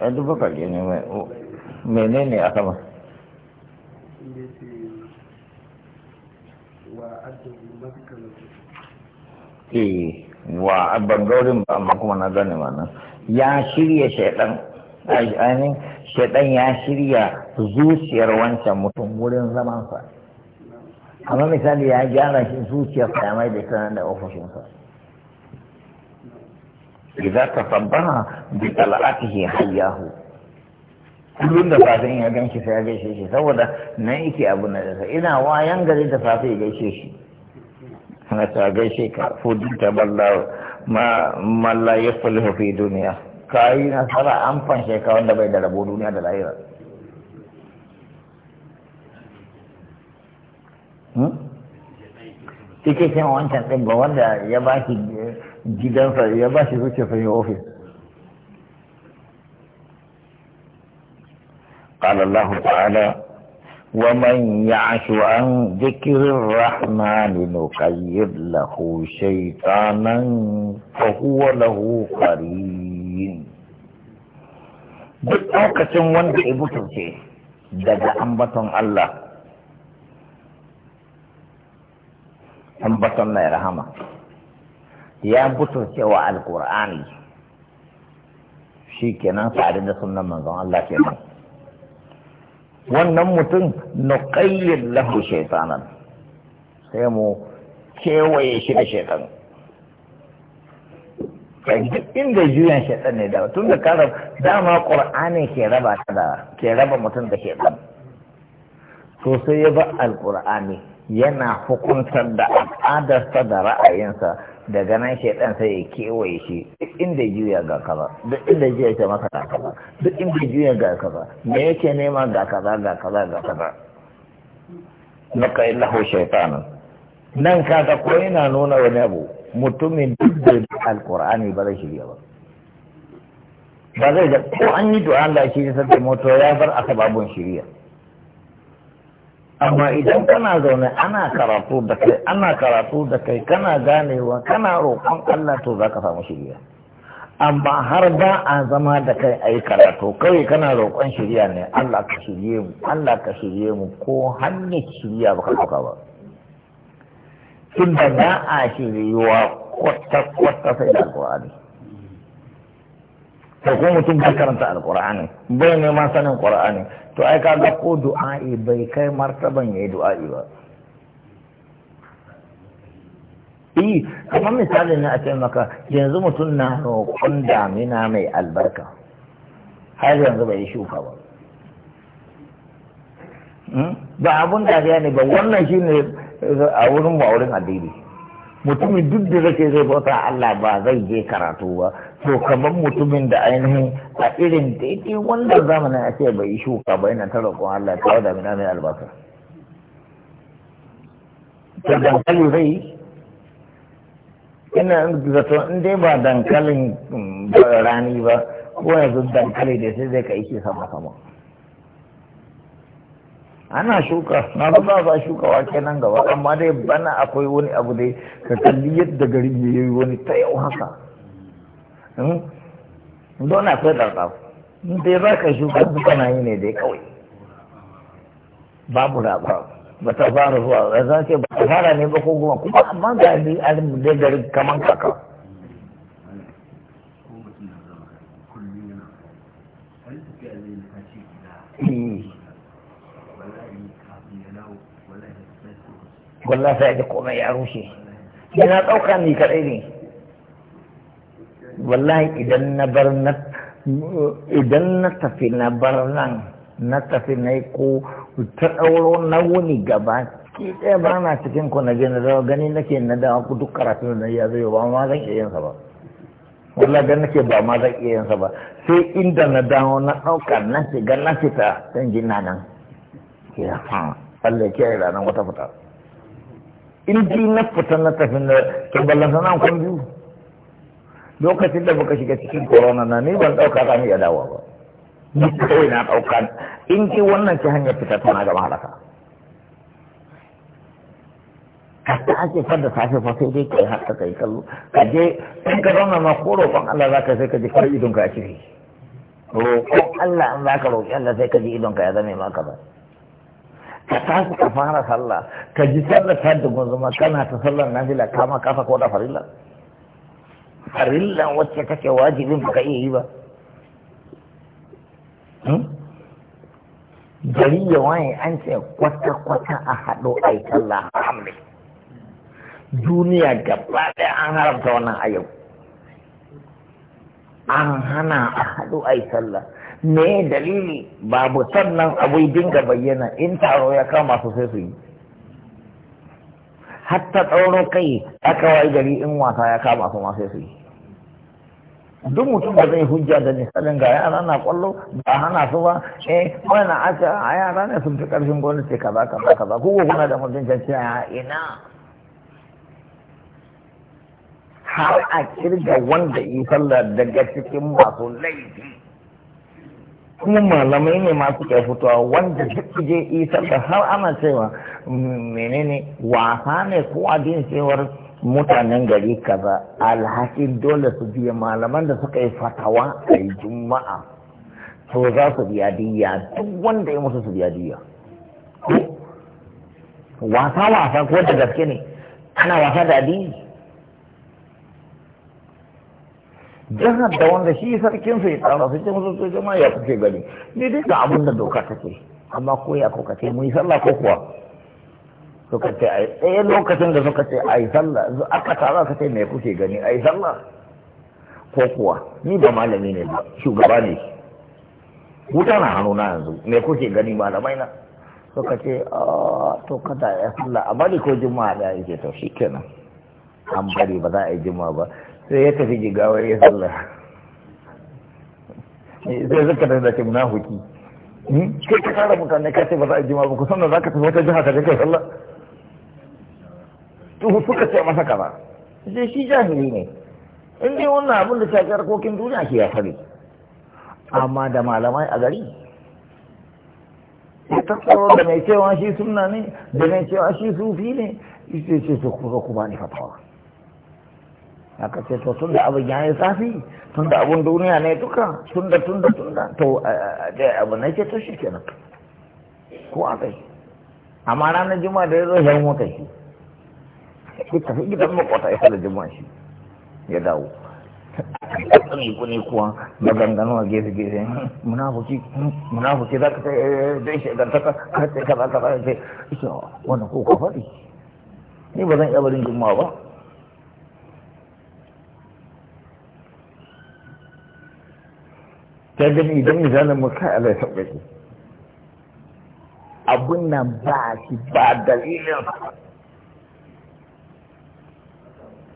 a duba kage ne mai a sama eh wa abban gaurin ba amma kuma na gane mana ya shirya shaidan ainihin shaidan ya shirya zuciyar wancan mutum wurin zamansa amma misali ya gyara shi zuciyar ya mai da sanar da ofishinsa idan ka sabbaha bi talatihi hayyahu kullum da safe ya ganki shi sai ya gaishe shi saboda nan yake abu na da ina wayan gari da safe ya gaishe shi na ta gaishe ka fudin ta balla ma malla ya fi duniya ka na nasara an fanshe wanda bai da rabo duniya da lahira ike hmm? shan wancan ɗin ba wanda ya ba shi gidansa ya ba shi zuciya sun yi ofis قال الله تعالى ومن يعش عن ذكر الرحمن نقيض له شيطانا فهو له قرين duk lokacin wanda ya butulce daga ambaton Allah tabbatar mai rahama ya buto cewa alkur'ani shi kenan tare da sunan manzon Allah nan wannan mutum na nuqayyid lahu shaytanan sai mu kewaye shi da shaytan inda juyan shaytan ne da tun da dama qur'ani ke raba da ke raba mutum da shaytan to sai ya ba alƙur'ani yana hukuntar da al'adarsa da ra'ayinsa daga nan shaidan sai ya kewaye shi duk inda juya ga kaza duk inda juya ta masa ga kaza duk inda juya ga kaza me yake nema ga kaza ga kaza ga kaza na kai lahu shaitan. nan kaga ko yana nuna wani abu mutumin duk da alkur'ani ba zai shirya ba ba zai da ko an yi du'a Allah shi ya sarki moto ya bar asababun shirya amma idan kana zaune ana karatu da kai ana karatu da kai kana ganewa kana roƙon Allah to zaka samu shiriya amma har ba a zama da kai ayi karatu kawai kana roƙon shiriya ne Allah ka shirye mu Allah ka shirye mu ko hanyar shiriya baka ka ba tunda ba a shiriwa kwata kwata sai da alƙur'ani da ko mutum bai karanta alqur'ani bai neman sanin qur'ani to ai kaga ko du'a'i bai kai martaban yayi du'a'i ba eh kamar misali ne a ce maka yanzu mutum na roƙon damina mai albarka har yanzu bai shuka ba hmm? ba abun dariya ne ba wannan shine a wurin ba wurin addini mutumin duk da zake zai bauta Allah ba zai je karatu ba to kamar mutumin da ainihin a irin daidai wanda zamanin a ce bai shuka ba yana tara roƙon Allah ta da mina mai albasa to dankali zai yi ina zato in dai ba dankalin mm, rani ba ko yanzu dankali da sai zai ka ishe sama sama ana shuka na ba ba ba shuka wake nan gaba amma dai bana akwai wani abu dai ka kalli yadda gari ya yi wani ta yau haka don hmm? akwai ɗarɗar dai za ka shuka suka na yi ne dai kawai babu raba ba ta fara zuwa za ce ba ta fara ne ba ko goma kuma amma ga ni alim dai gari kaman kaka wallah sai ji komai ya rushe yana ɗauka ni kaɗai ne wallahi idan na bar na idan na tafi na bar nan na tafi na yi ko ta ɗauro na wuni gaba ki ɗaya ba na cikin ku na gina da gani nake na da ku duk karatu na ya zai ba ma zan iya yin sa ba wallahi dan nake ba ma zan iya yin sa ba sai inda na dawo na ɗauka na shiga na fita zan ji na nan ke fa Allah ya kiyaye ranar wata fita in na fita na tafi na tabbalan sana kun biyu lokacin da muka shiga cikin corona na ni ban dauka za ya iya dawa ba ni kawai na dauka in ji wannan ki hanyar fita tana gama halaka ka ake fadda safe fa sai dai kai har kai kallo ka je in ka zauna ma ko roƙon Allah za ka sai ka ji kar idon ka a ciki roƙon Allah in za ka roƙi Allah sai ka ji idon ka ya zame maka ba ka tashi ka fara sallah ka ji sallah ta dubu zuma kana ta sallah na fila kama kafa ko da farilla farilla wacce kake wajibin baka iya yi ba hmm? gari ya waye an ce kwata-kwata a haɗo a yi sallah hamle duniya gaba ɗaya an haramta wannan a yau an hana a haɗo a yi sallah me dalili babu sannan abu dinga bayyana in taro ya kama su sai su yi hatta tsoron kai aka wayi gari in wasa ya kama su sai su yi duk mutum da zai hujja da nisalin ga yara na kwallo ba hana su ba eh wani aka a yara ne sun fi karfin gwamnati kaza kaza kaza ko kuna da mutuncin cewa ina har a kirga wanda yi sallar daga cikin masu laifi kuma malamai ne ma suke fitowa wanda duk je isar da har ana cewa menene wasa ne ko adin cewar mutanen gari kaza alhakin dole su biya malaman da suka yi fatawa a juma'a to za su biya diya duk wanda ya musu su biya diya wasa wasa ko da gaske ne ana wasa da addini jihar da wanda shi sarkin sai tsara su ce musu jama'a ya kuke gani ni dai ga abin da doka ce. amma ko ya ko ce mu yi sallah ko kuwa suka ce ai ɗaya lokacin da suka ce ai sallah aka tara ka ce me kuke gani ai sallah ko kuwa ni ba malami ne ba shugaba ne wuta na hannu na yanzu me kuke gani malamai na suka ce ah, to kada ya sallah amma ko juma'a da yake to shikenan an bari ba za a yi jima ba sai ya tafi gigawar ya sallah sai zaka da zaki munafiki hmm? ke ka fara mutane ka ce ba za a yi jima ba kusan da za ka tafi wata jiha ka je kai sallah tuhu suka ce masa kaza sai shi jahili ne in dai wannan abin da shafi harkokin duniya ke ya sani amma da malamai a gari ya tattaro da mai cewa shi sunna ne da mai cewa shi sufi ne ita ce su kuma ni fatawa aka ce to tunda abin ya yi zafi tunda abin duniya ne duka tunda tunda tunda to eh, eh, abu na ce to shi kenan ko a kai amma ranar Juma da ya zo ya mota shi shi tafi gidan makwata ya da Juma shi ya dawo ne kuni kuwa maganganu a gefe gefe munafuki munafuki za ka sai eh, dai shagantaka ka sai kaza kaza ya ce wannan ko ka faɗi ni ba zan iya barin Juma ba ta gani idan zana mu kai Allah ya sauƙaƙe abun nan ba shi ba dalilin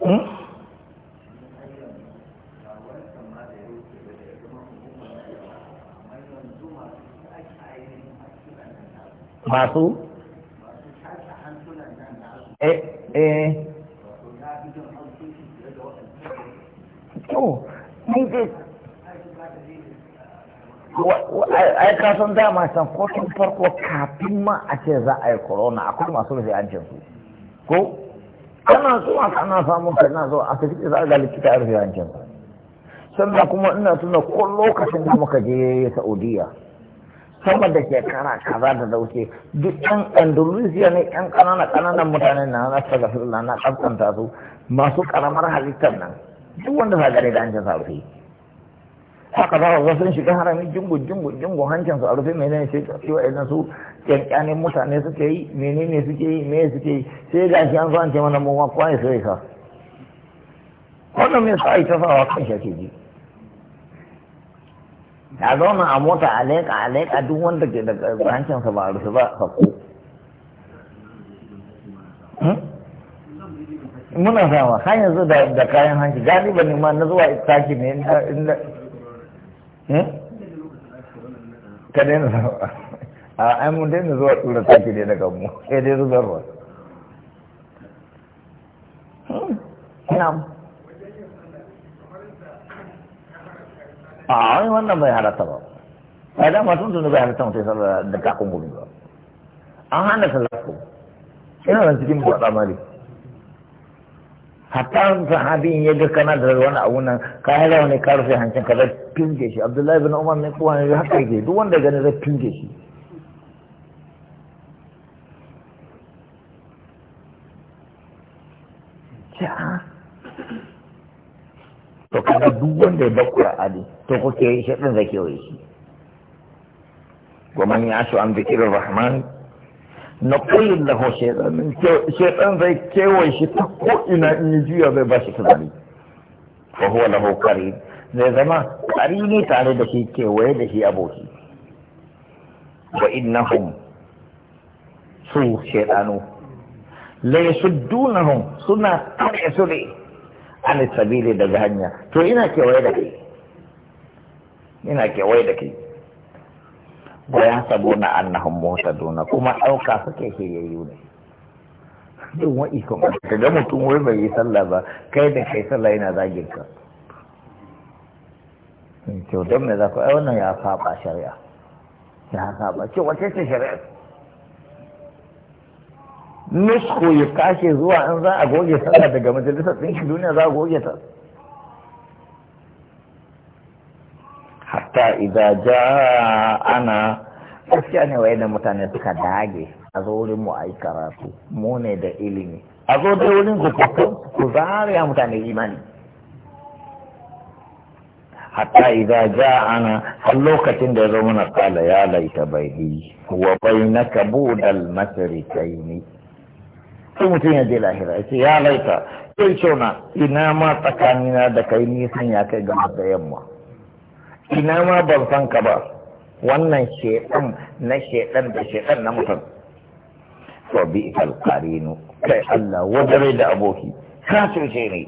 hmm? masu eh eh ai ka san dama san ko tun farko kafin ma a ce za a yi corona akwai masu rufe hancin su ko kana zuwa kana samun ka na zuwa asibiti za a ga likita a rufe hancin ka sannan kuma ina tuna ko lokacin da muka je saudiya sama da shekara kaza da dauke duk yan andalusia ne yan kanana kananan mutane na na ta gafi na kaskanta su masu karamar halittar nan duk wanda za a gare da hancin sa rufe haka za ga sun shiga haramin jingu jingu jingu hancin su a rufe menene sai ka ciwa idan su kyankyanin mutane suke yi menene suke yi me suke yi sai ga shi an zo an ce mana mu ma kwai sai ka wannan me sa'ai ta sawa kan shi ake ji ta zauna a mota a leƙa a leƙa duk wanda ke da hancin sa ba a rufe ba sako hmm? muna sawa har yanzu da kayan hanci galiba ne ma na zuwa taki ne Eh? ka daina zuwa a ai mun daina ne daga mu sai dai a wani wannan bai ba tun tun bai halatta sallar da ba an hana sallar ko ina cikin hatta sahabin ya ga kana da wani abu nan ka hada wani ka rufe hancin ka zai pinge shi abdullahi bin umar ne kowa ya haka ke duk wanda gani zai pinge shi to kaga duk wanda ya a qur'ani to kuke yi shi din zake yi shi goma ya yashu an dhikrir rahman na kullum na shaitan shaitan zai kewaye shi ta ko'ina in yi juya zai ba shi tunani ko huwa lahu kari. zai zama ƙari ne tare da shi kewaye da shi aboki wa innahum su shaitanu la yasuddunahum suna tare su ne an sabili daga hanya to ina kewaye da kai ina kewaye da kai bayan annahun annahum muhtaduna kuma ɗauka suke shiryayyu ne duk wa'i kuma ka ga mutum wai bai yi sallah ba kai da kai sallah yana zagin ka hmm, to don me za ku ai wannan ya saba shari'a ya saba ce wace ce shari'a nusku ya kashe zuwa in za a goge sallah daga majalisar ɗinki duniya za a goge ta hatta idza jaa ana gaskiya ne waye da mutane suka dage a zo wurin mu ai karatu mu ne da ilimi a zo dai wurin ku ku ya mutane imani hatta idza jaa ana har lokacin da ya zo mana kala ya laita baihi wa bainaka budal masrikaini sai mutum ya je lahira ya ce ya laita sai ce ina ma tsakanina da kai nisan ya kai gama da yamma ina ma ban san ka ba wannan shedan na shedan da shedan na mutum to bi ikal qarinu kai Allah wadare da aboki ka cuce ne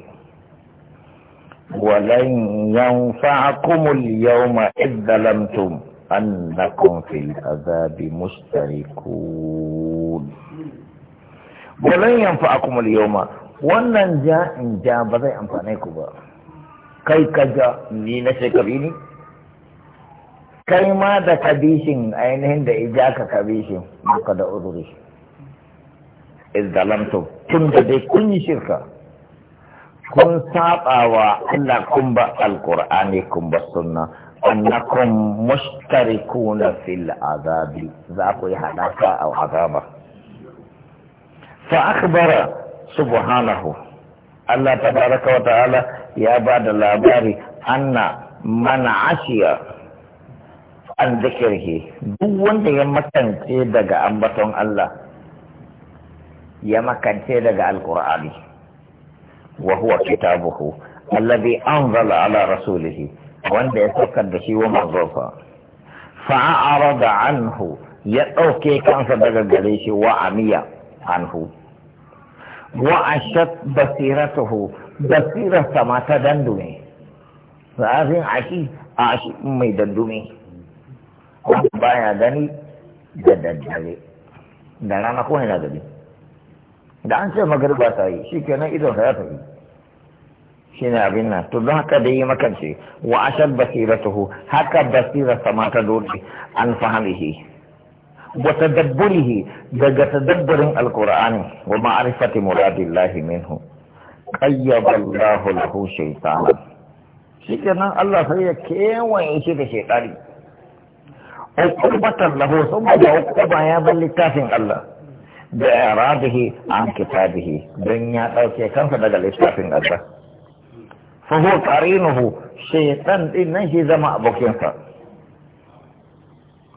ولن ينفعكم اليوم إذ ظلمتم أنكم في العذاب مشتركون ولن ينفعكم اليوم wannan ja in ja ba zai amfane ku ba kai ka ja ni na shekaru ne kai ma da kabishin ainihin da ija ka kabishin duka da uzuri izgalamtum tun da dai kun yi shirka kun saba wa Allah kun ba alqur'ani kun ba sunna annakum mushtarikuna fil azabi za ku yi hadaka a azaba fa akhbara subhanahu Allah tabaraka wa ta'ala ya ba da labari anna man ashiya an zikirhe duk wanda ya makance daga ambaton Allah ya makance daga alkur'ani wa huwa kitabuhu alladhi anzala ala rasulihi wanda ya saukar da shi wa manzofa fa'arada anhu ya ɗauke kansa daga gare shi wa amiya anhu wa ashat basiratuhu basirarsa ma ta dandume zafin aki a mai dandume baya gani da daddare da rana ko yana gani da an ce magarba ta yi shi kenan idon sa ya yi shi ne abin nan to don haka da yi makance wa ashar basiratuhu haka basira ma ta dole an fahimhi wa tadabburihi daga tadabburin alqur'ani wa ma'arifati muradillahi minhu qayyaba Allahu lahu shaytanan shikenan Allah sai ya kewaye shi da shaytani ukubatar lahu saboda ukuba ya bar littafin Allah da iradihi an kitabihi don ya ɗauke kansa daga littafin Allah fa huwa qarinuhu shaytan din nan shi zama abokinsa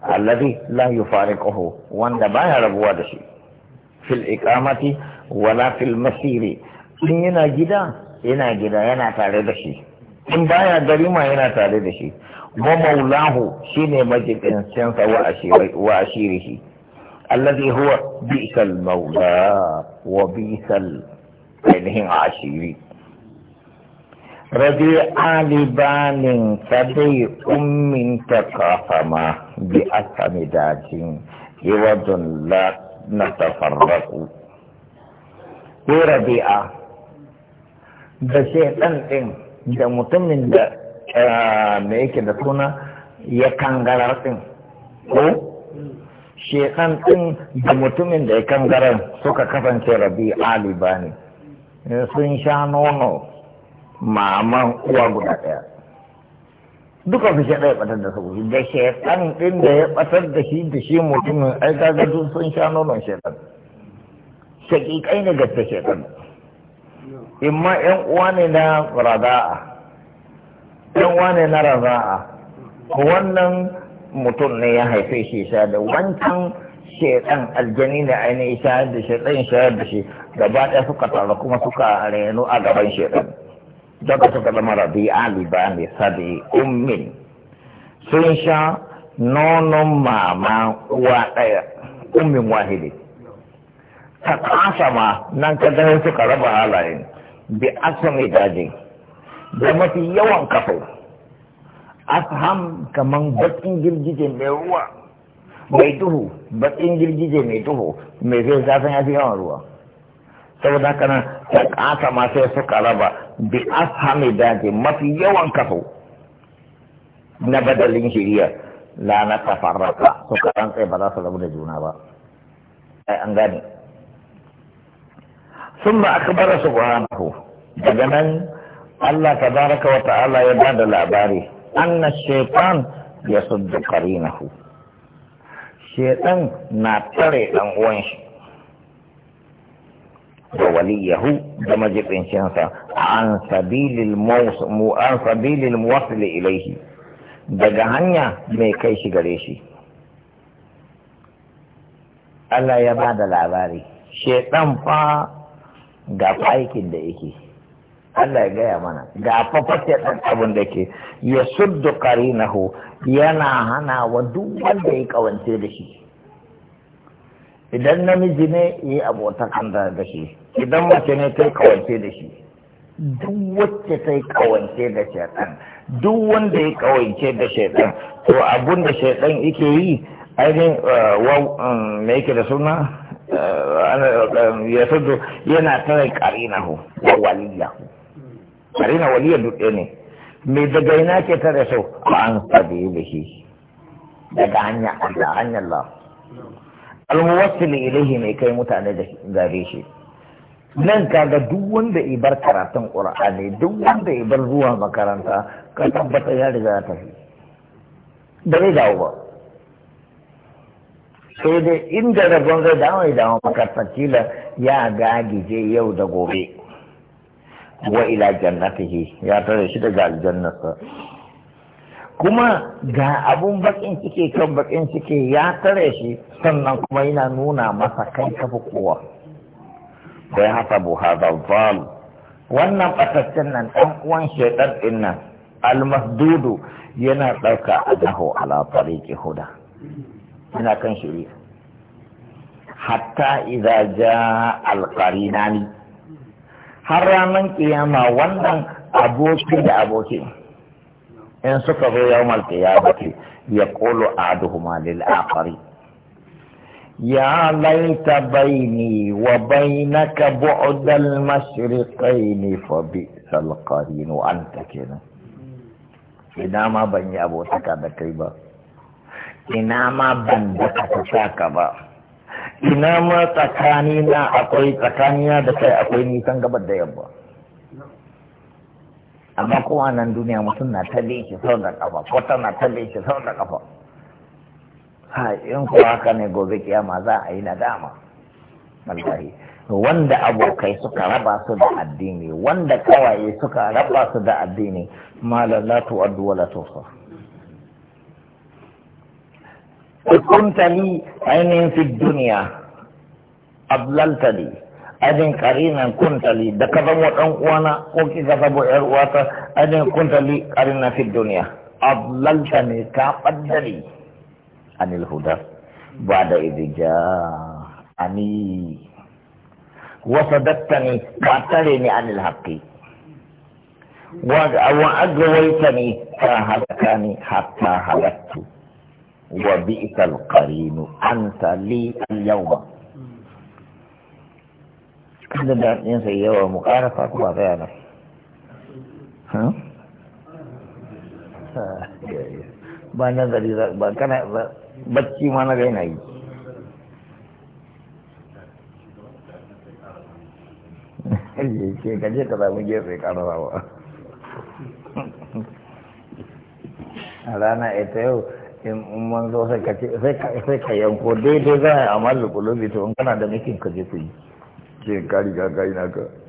alladhi la yufariquhu wanda baya rabuwa da shi fil iqamati wala fil masiri in yana gida yana gida yana tare da shi in baya gari ma yana tare da shi ومولاه شنو مجد انسان وعشيره الذي هو بئس المولى وبئس اله عشيري رضي علي بان فدي ام تقاهما باكرم ذات عوض لا نتفرق يا بشيء ده شيطان ده مطمن Eh, me yake da suna ya kangarar ɗin ko shekan ɗin da mutumin da ya kangarar suka kasance rabi aliba ne eh, sun sha nono maman uwa guda ɗaya duka su shi ɗaya ɓatar da su da shekan ɗin da ya ɓatar da shi da shi mutumin ai kaga duk sun sha nonon shekan shaƙiƙai ne gaske shekan imma 'yan uwa ne na rada'a ɗan wane na raza'a wannan mutum ne ya haife shi sa da wancan shaidan aljani da ainihin shayar da shaidan shayar da shi gaba ɗaya suka taru kuma suka reno a gaban shaidan daga suka zama rabi ali ba ne sabi ummin sun sha nonon mama uwa ɗaya ummin wahidi ta kasa ma nan ka suka raba halayen bi asami dajin da mafi yawan kaso asham kaman bakin girgije mai ruwa mai duhu bakin girgije mai duhu mai zai zafin ya fi yawan ruwa saboda haka nan ta kasa ma sai suka raba bi ashami daji mafi yawan kafo na badalin shiriya la na tafarraka suka rantsai ba za su rabu da juna ba ai an gane ثم أخبر سبحانه daga nan Allah tabaraka wa ta'ala ya ba da labari anna shaitan ya suddu qarinahu shaitan na tare dan uwan shi da waliyahu da majibincinsa an sabilil mu an sabilil muwasil ilaihi daga hanya mai kai shi gare shi Allah ya ba da labari shaitan fa ga aikin da yake Allah ya gaya mana ga fafafiyar ɗan abin da ke ya suddu qarinahu yana hana wa duk wanda ya kawance da shi idan namiji ne yi abotan kan da shi idan mace ne ta kawance da shi duk wacce ta kawance da shaitan duk wanda ya kawance da shaitan to abun da shaitan yake yi ainihin uh, um, me yake da suna uh, uh, ya suddu yana ta karinahu wa waliyahu karina waliyar dutse ne mai daga ina ke tare sau ba an ilihi daga hanya Allah hanyar Allah almuwassil ilihi mai kai mutane da gare shi nan kaga duk wanda ibar karatun qur'ani duk wanda ibar zuwa makaranta ka tabbata ya riga ta fi da zai dawo ba sai dai inda rabon zai dawo ya dawo makarantar kila ya gagije yau da gobe wa ila jannatihi ya tare shi daga aljannarsa kuma ga abun bakin cike kan bakin cike ya tare shi sannan kuma yana nuna masa kai kafa kowa bai haka buhada zal wannan fataccen nan ɗan uwan shaidar ɗin nan almasdudu yana ɗauka adahu ala ke huda yana kan shiri hatta idza ja ni. har ranar kiyama wannan aboki da aboki in suka zo ya yawmal ya yaqulu ahaduhuma lil akhari ya laita baini wa bainaka bu'dal mashriqaini fa bi qarin wa anta kenan ina ma ban yi ka da kai ba ina ma ban da ka ba ina ma tsakani na akwai tsakanina da kai akwai nisan gabar da yamma amma kuma nan duniya mutum na talle shi sau da kafa ko tana talle shi sau da kafa ha in kuwa haka ne gobe kiyama za a yi nadama wallahi wanda abokai suka raba su da addini wanda kawaye suka raba su da addini malallatu addu'a la tusa kunta ainihin fi duniya ablalta li ajin karinan kunta da ka zama dan uwana ko ki ka zama yar uwata ajin kuntali li karinan fi duniya ablalta ne ka baddali anil huda ba da idija ani wasadattani ba tare ni anil haqqi wa ta halaka ni hatta halattu وبئس القرين انت لي اليوم عندما ينسى يوم مقارفة كما فعلا ها بانا ذري ذاك بچي مانا غين اي ايه كجي كتا مجي ريكانا راوا هذا انا اتو in mun sai ka yanko daidai za a yi amal da kulubi to in kana da mikin ka je ku yi ke ka riga ka